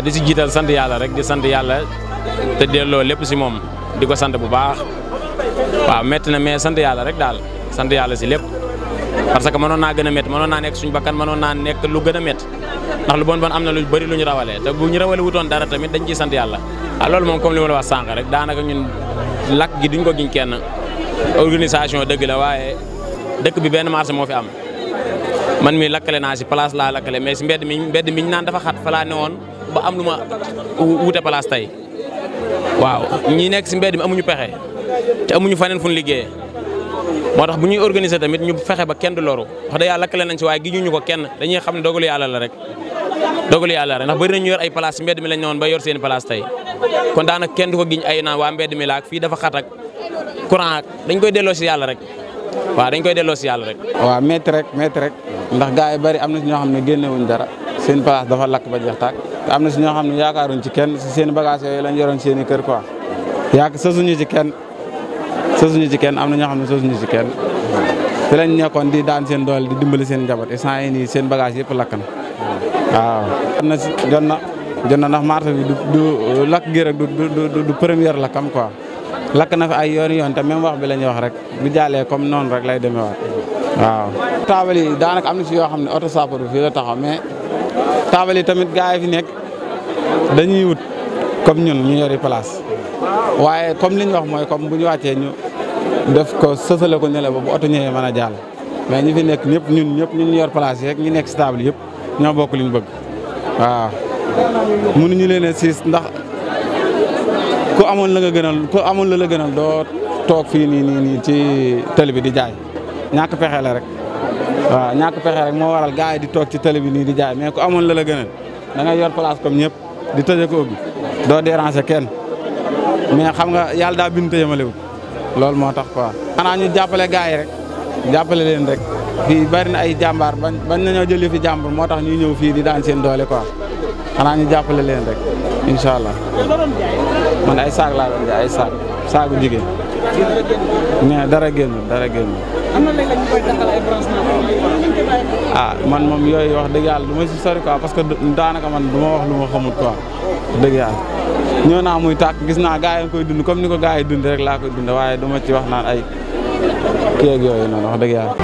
waaw di si jiital sant yàlla rek di sant yàlla te delloo lépp si moom di ko sant bu baax waaw métti na mais sant yàlla rek daal sant yàlla si lépp parce que mënoon naa gën a métti mënoon naa nekk suñ bakkan mënoon naa nekk lu gën a métti ndax lu bon bon am na lu bëri lu ñu rawalee te bu ñu rawale wutoon dara tamit dañ ciy sant yàlla ah loolu moom comme li ma la wax rek daanaka ñun lakk gi duñ ko giñ kenn organisation dëgg la waaye dëkk bi benn marché moo fi am man mi lakkale naa si mi ba am lu ma wute place tey waaw ñi nekk si mbedd mi amuñu pexe te amuñu faneen fu ñu liggéeyee moo tax bu ñuy organiser tamit ñu fexe ba kenn du loru wax yàlla lakkale nañ si waaye giñuñu ko kenn dañuy xam ne dogalu yàlla la rek dogalu yàlla rek ndax bëri nañu yor ay place si mbedd mi lañ newoon ba yor seen i place tey kon kenn du ko giñ ay naan waa mbedd mi laak fii dafa xat ak courant dañ koy delloo si yàlla rek waaw dañ koy delloo si yàlla rek. waaw métti rek métti rek ndax gars yi bëri am na ñoo xam ne génnewuñ dara. seen place dafa lakk ba jeex tàkk te am na si ñoo xam ne ci kenn si seen bagage yooyu lañ yoroon seen kër quoi yaak sësuñu ci kenn sësuñu ci kenn am na ñoo xam ne sësuñu ci kenn te lañ di daan seen doole di dimbali seen njaboot instant yii nii seen bagage yëpp lakk na waaw. jot na jot na jot na ndax bi du du lakk gi rek du du du première lakkam quoi lakk na fi ay yoon yoon te même wax bi la ñuy wax rek bu jaale comme noon rek lay demewaat waaw. taabal yi daanaka am na si yoo taabal yi tamit gaa yi fi nekk dañuy wut comme ñun ñu yori place waaye comme li ñu wax mooy comme bu ñu wàccee ñu def ko sësale ko ne la bu oto ñëwee mën a jàll mais ñu fi nekk ñëpp ñun ñëpp ñun ñu yor place yi rek ñu nekk si taabal yëpp ñoo bokk li ñu bëgg waaw. mënuñu leen a siis ndax ku amoon la nga gënal ku amoon la la gënal doo toog fii nii nii nii ci télé bi di jaay ñàkk pexe la rek. waaw ñàkk pexe rek moo waral gars yi di toog ci télé bi nii di jaay mais ku amoon la la gënal da ngay yor place comme ñëpp di tëjee ko ubbi doo déranger kenn mais xam nga yàlla daa bind te yemalewul loolu moo tax quoi. xanaa ñu jàppale gars yi rek jàppale leen rek fii bari na ay jàmbaar bañ bañ nañoo jël yëfi jàmbur moo tax ñuy ñëw fii di daan seen doole quoi xanaa ñu jàppale leen rek incha allah man ay saag laa doon jaay ay saag saagu jigéen. mais dara génn dara génn. am na léeg ah, man moom yooyu wax dëgg yàlla du ma si sori quoi parce que daanaka man du ma wax lu ma xamut quoi dëgg yàlla. ñëw naa muy tàkk gis naa gars yi koy dund comme ni ko gars yi dund rek laa koy dund waaye duma ci wax naan ay kii ak yooyu noonu wax dëgg yàlla.